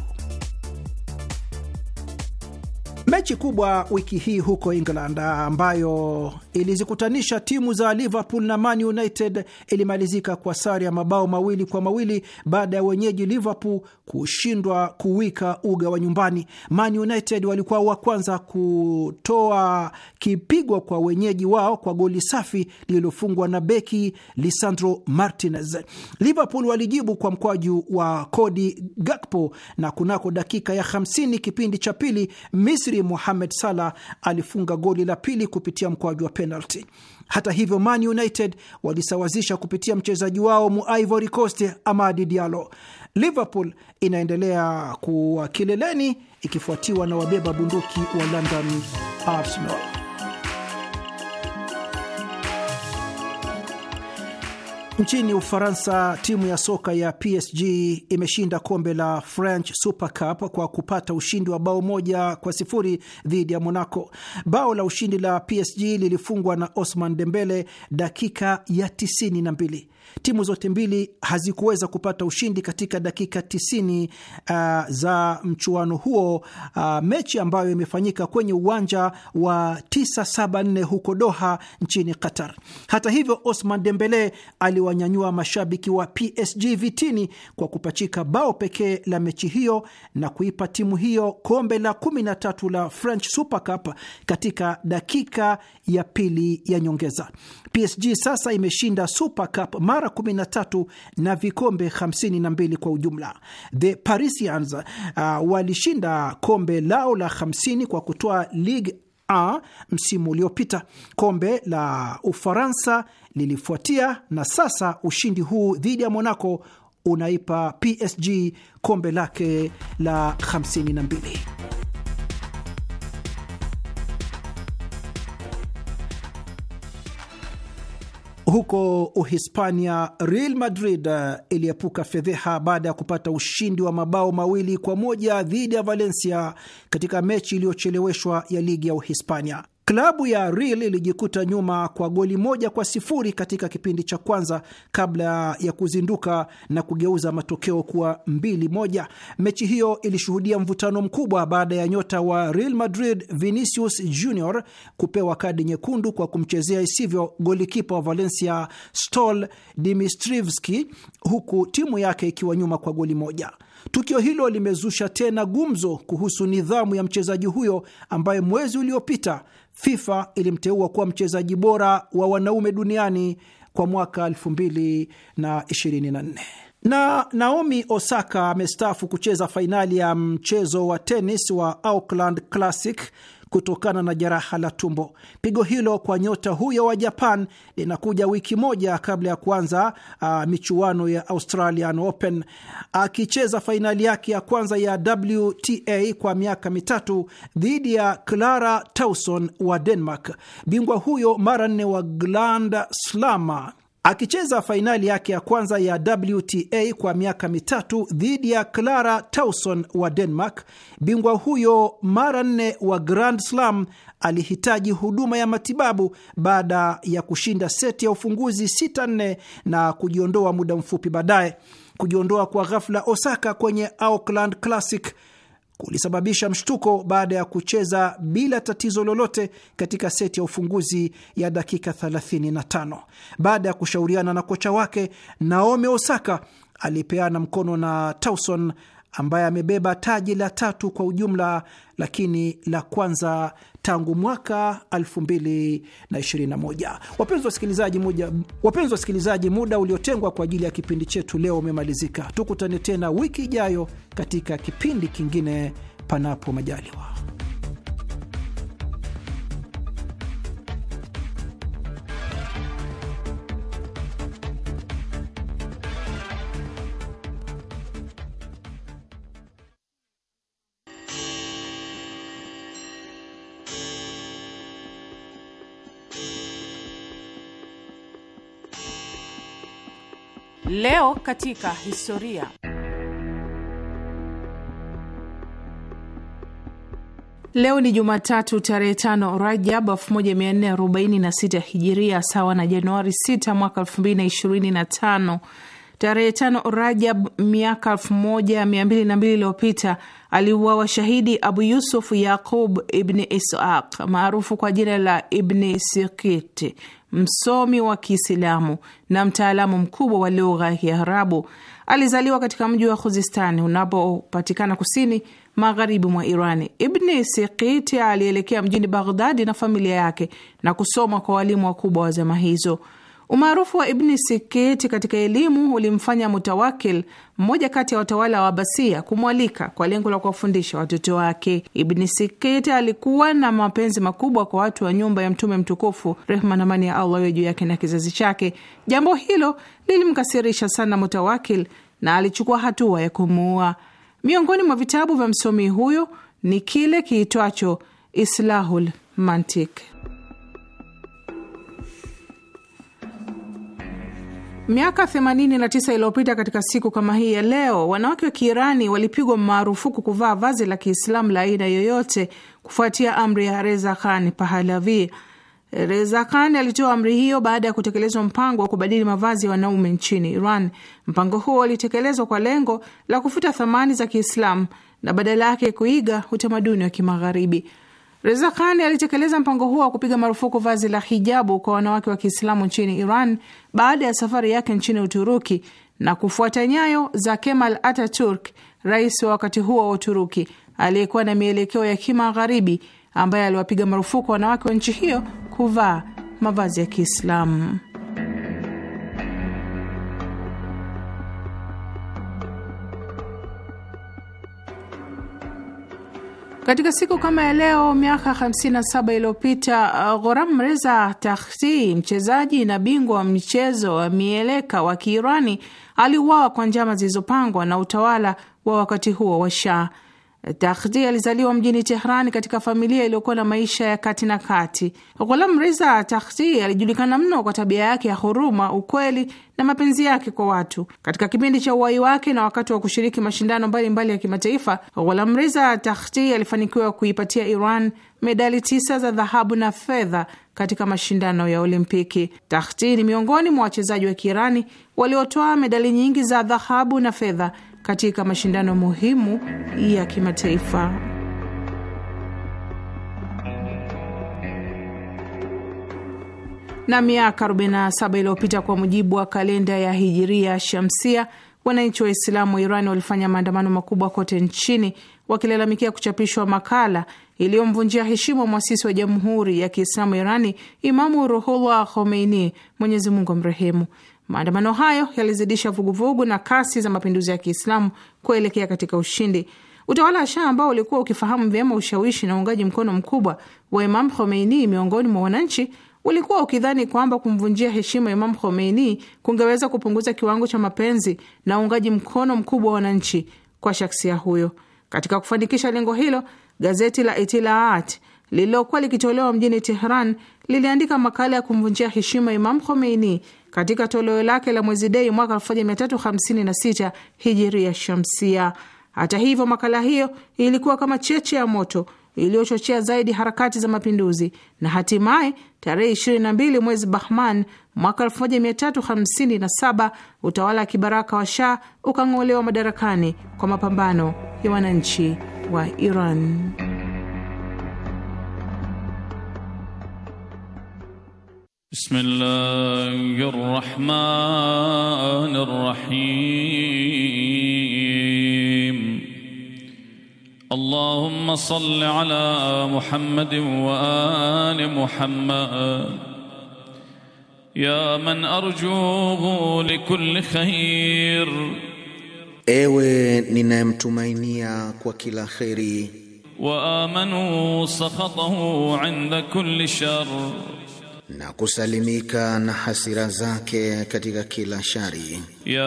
mechi kubwa wiki hii huko England ambayo ilizikutanisha timu za Liverpool na Man United ilimalizika kwa sare ya mabao mawili kwa mawili baada ya wenyeji Liverpool kushindwa kuwika uga wa nyumbani. Man United walikuwa wa kwanza kutoa kipigo kwa wenyeji wao kwa goli safi lililofungwa na beki Lisandro Martinez. Liverpool walijibu kwa mkwaju wa Cody Gakpo, na kunako dakika ya 50 kipindi cha pili Misri Mohamed Salah alifunga goli la pili kupitia mkwaju wa penalti. Hata hivyo, Man United walisawazisha kupitia mchezaji wao Muivory Coast Amadi Diallo. Liverpool inaendelea kuwa kileleni ikifuatiwa na wabeba bunduki wa London Arsenal. Nchini Ufaransa, timu ya soka ya PSG imeshinda kombe la French Super Cup kwa kupata ushindi wa bao moja kwa sifuri dhidi ya Monaco. Bao la ushindi la PSG lilifungwa na Osman Dembele dakika ya na mbili Timu zote mbili hazikuweza kupata ushindi katika dakika 90 uh, za mchuano huo uh, mechi ambayo imefanyika kwenye uwanja wa 974 huko Doha nchini Qatar. Hata hivyo, Osman Dembele aliwanyanyua mashabiki wa PSG vitini kwa kupachika bao pekee la mechi hiyo na kuipa timu hiyo kombe la 13 la French Super Cup katika dakika ya pili ya nyongeza. PSG sasa imeshinda Super Cup mara 13 na vikombe 52 kwa ujumla. The Parisians uh, walishinda kombe lao la 50 kwa kutoa Ligue A msimu uliopita. Kombe la Ufaransa lilifuatia, na sasa ushindi huu dhidi ya Monaco unaipa PSG kombe lake la 52. Huko Uhispania, Real Madrid eh, iliepuka fedheha baada ya kupata ushindi wa mabao mawili kwa moja dhidi ya Valencia katika mechi iliyocheleweshwa ya ligi ya Uhispania. Klabu ya Real ilijikuta nyuma kwa goli moja kwa sifuri katika kipindi cha kwanza kabla ya kuzinduka na kugeuza matokeo kuwa mbili moja. Mechi hiyo ilishuhudia mvutano mkubwa baada ya nyota wa Real Madrid Vinicius Junior kupewa kadi nyekundu kwa kumchezea isivyo golikipa wa Valencia Stol Dimistrivski, huku timu yake ikiwa nyuma kwa goli moja. Tukio hilo limezusha tena gumzo kuhusu nidhamu ya mchezaji huyo ambaye mwezi uliopita FIFA ilimteua kuwa mchezaji bora wa wanaume duniani kwa mwaka 2024 na Naomi Osaka amestaafu kucheza fainali ya mchezo wa tenis wa Auckland Classic kutokana na jeraha la tumbo. Pigo hilo kwa nyota huyo wa Japan linakuja wiki moja kabla ya kuanza uh, michuano ya Australian Open, akicheza fainali yake ya kwanza ya WTA kwa miaka mitatu dhidi ya Clara Tauson wa Denmark. Bingwa huyo mara nne wa Grand Slam Akicheza fainali yake ya kwanza ya WTA kwa miaka mitatu dhidi ya Clara Towson wa Denmark, bingwa huyo mara nne wa Grand Slam alihitaji huduma ya matibabu baada ya kushinda seti ya ufunguzi 6-4 na kujiondoa muda mfupi baadaye. Kujiondoa kwa ghafla Osaka kwenye Auckland Classic kulisababisha mshtuko baada ya kucheza bila tatizo lolote katika seti ya ufunguzi ya dakika 35. Baada ya kushauriana na kocha wake, Naomi Osaka alipeana mkono na Tauson ambaye amebeba taji la tatu kwa ujumla, lakini la kwanza tangu mwaka 2021. Wapenzi wasikilizaji, wasikilizaji, muda uliotengwa kwa ajili ya kipindi chetu leo umemalizika. Tukutane tena wiki ijayo katika kipindi kingine, panapo majaliwa. Leo katika historia. Leo ni Jumatatu tarehe tano Rajab 1446 Hijiria, sawa na Januari 6 mwaka 2025. Tarehe tano Rajab miaka 1202 iliyopita aliuawa shahidi Abu Yusuf Yaqub Ibni isaq maarufu kwa jina la Ibni Sikiti, msomi wa Kiislamu na mtaalamu mkubwa wa lugha ya Kiarabu. Alizaliwa katika mji wa Khuzistani unapopatikana kusini magharibi mwa Irani. Ibni Sikiti alielekea mjini Baghdadi na familia yake na kusoma kwa walimu wakubwa wa zama hizo. Umaarufu wa Ibni Sikiti katika elimu ulimfanya Mutawakil, mmoja kati ya watawala wa Abasia, kumwalika kwa lengo la kuwafundisha watoto wake. Ibni Sikiti alikuwa na mapenzi makubwa kwa watu wa nyumba ya Mtume mtukufu, rehma na amani ya Allah iwe juu yake na kizazi chake. Jambo hilo lilimkasirisha sana Mutawakil na alichukua hatua ya kumuua. Miongoni mwa vitabu vya msomi huyo ni kile kiitwacho Islahul Mantik. Miaka 89 iliyopita katika siku kama hii ya leo, wanawake wa Kiirani walipigwa marufuku kuvaa vazi la Kiislamu la aina yoyote kufuatia amri ya Reza Khan Pahalavi. Reza Khan alitoa amri hiyo baada ya kutekelezwa mpango wa kubadili mavazi ya wanaume nchini Iran. Mpango huo ulitekelezwa kwa lengo la kufuta thamani za Kiislamu na badala yake kuiga utamaduni wa Kimagharibi. Reza Khan alitekeleza mpango huo wa kupiga marufuku vazi la hijabu kwa wanawake wa Kiislamu nchini Iran baada ya safari yake nchini Uturuki na kufuata nyayo za Kemal Ataturk, rais wa wakati huo wa Uturuki aliyekuwa na mielekeo ya kimagharibi, ambaye aliwapiga marufuku wanawake wa nchi hiyo kuvaa mavazi ya Kiislamu. Katika siku kama ya leo miaka 57 iliyopita, uh, Ghoram Reza Tahti, mchezaji na bingwa wa mchezo wa mieleka wa Kiirani, aliuawa kwa njama zilizopangwa na utawala wa wakati huo wa Shah. Tahdi alizaliwa mjini Tehrani katika familia iliyokuwa na maisha ya kati na kati. Ghulam Reza Tahdi alijulikana mno kwa tabia yake ya huruma, ukweli na mapenzi yake kwa watu. Katika kipindi cha uwai wake na wakati wa kushiriki mashindano mbalimbali ya kimataifa, Ghulam Reza Tahdi alifanikiwa kuipatia Iran medali tisa za dhahabu na fedha katika mashindano ya Olimpiki. Tahti ni miongoni mwa wachezaji wa Kiirani waliotoa medali nyingi za dhahabu na fedha katika mashindano muhimu ya kimataifa. Na miaka 47 iliyopita kwa mujibu wa kalenda ya Hijiria Shamsia, wananchi wa Islamu wa Iran walifanya maandamano makubwa kote nchini wakilalamikia kuchapishwa makala iliyomvunjia heshima mwasisi wa Jamhuri ya Kiislamu Irani, Imamu Ruhullah Khomeini, Mwenyezi Mungu amrehemu. Maandamano hayo yalizidisha vuguvugu na kasi za mapinduzi ya Kiislamu kuelekea katika ushindi. Utawala wa Shah ambao ulikuwa ukifahamu vyema ushawishi na uungaji mkono mkubwa wa Imam Khomeini miongoni mwa wananchi ulikuwa ukidhani kwamba kumvunjia heshima Imam Khomeini kungeweza kupunguza kiwango cha mapenzi na uungaji mkono mkubwa wa wananchi kwa shaksia huyo. Katika kufanikisha lengo hilo, gazeti la Itilaat lililokuwa likitolewa mjini Tehran liliandika makala ya kumvunjia heshima Imam Khomeini katika toleo lake la mwezi Dei mwaka 1356 hijiria shamsia. Hata hivyo, makala hiyo ilikuwa kama cheche ya moto iliyochochea zaidi harakati za mapinduzi na hatimaye tarehe 22 mwezi Bahman mwaka 1357 utawala wa kibaraka wa Shah ukang'olewa madarakani kwa mapambano ya wananchi wa Iran. بسم الله الرحمن الرحيم اللهم صل على محمد وآل محمد يا من أرجوه لكل خير ايوه ننام تمينيا وكلا خيري وآمنوا سخطه عند كل شر na kusalimika na hasira zake katika kila shari. ya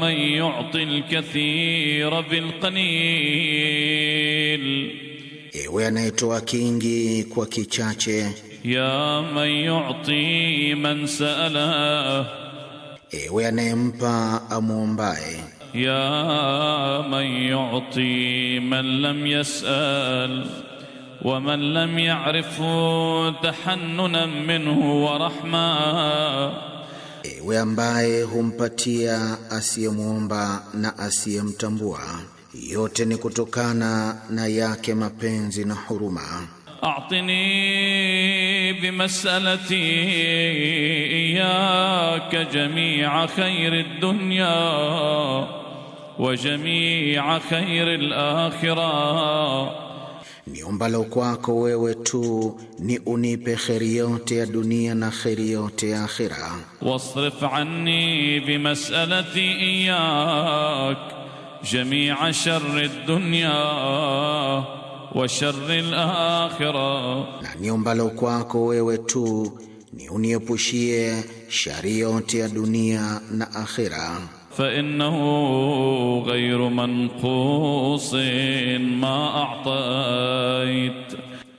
man yu'ti al kathir bil qalil, ewe anayetoa kingi kwa kichache. ya man yu'ti man sa'ala, ewe anayempa amwombaye. ya man yu'ti man lam yas'al ومن لم يعرفه tahannunan minhu wa rahma ewe ambaye humpatia asiyemwomba na asiyemtambua, yote ni kutokana na yake mapenzi na huruma. Atini bimasalati iyaka jamia khairi dunya wa jamia khairi al-akhirah niombalo kwako wewe tu ni unipe kheri yote ya dunia na kheri yote ya akhira. wasrif anni bi mas'alati iyyak jami'a sharri ad-dunya wa sharri al akhira na niombalo kwako wewe tu ni uniepushie shari yote ya dunia na akhira. فإنه غير منقوص ما أعطيت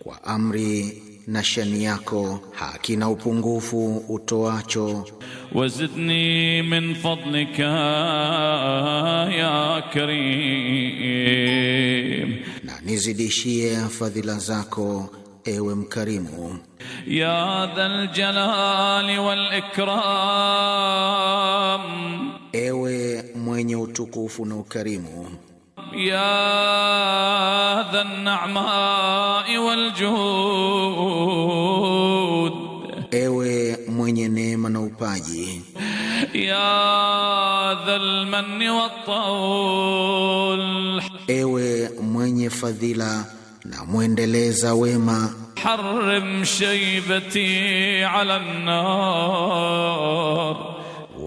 وأمري نشنياكو حاكينا بونغوفو وتواتشو وزدني من فضلك يا كريم ناني نزدشي فضل زاكو ايوم كريم يا ذا الجلال والإكرام ewe mwenye utukufu na ukarimu. ya dha an wal juhud, ewe mwenye neema na upaji. ya dha manni wat tawl, ewe mwenye fadhila na mwendeleza wema. harrim shaybati ala an-nar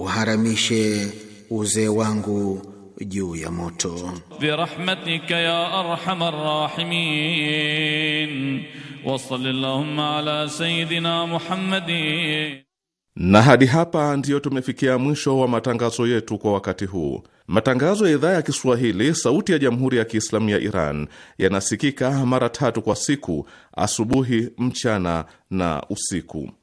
uharamishe uzee wangu juu ya moto. Birahmatika ya arhamar rahimin wa sallallahu ala sayidina Muhammadin. Na hadi hapa ndiyo tumefikia mwisho wa matangazo yetu kwa wakati huu. Matangazo ya idhaa ya Kiswahili sauti ya Jamhuri ya Kiislamu ya Iran yanasikika mara tatu kwa siku: asubuhi, mchana na usiku.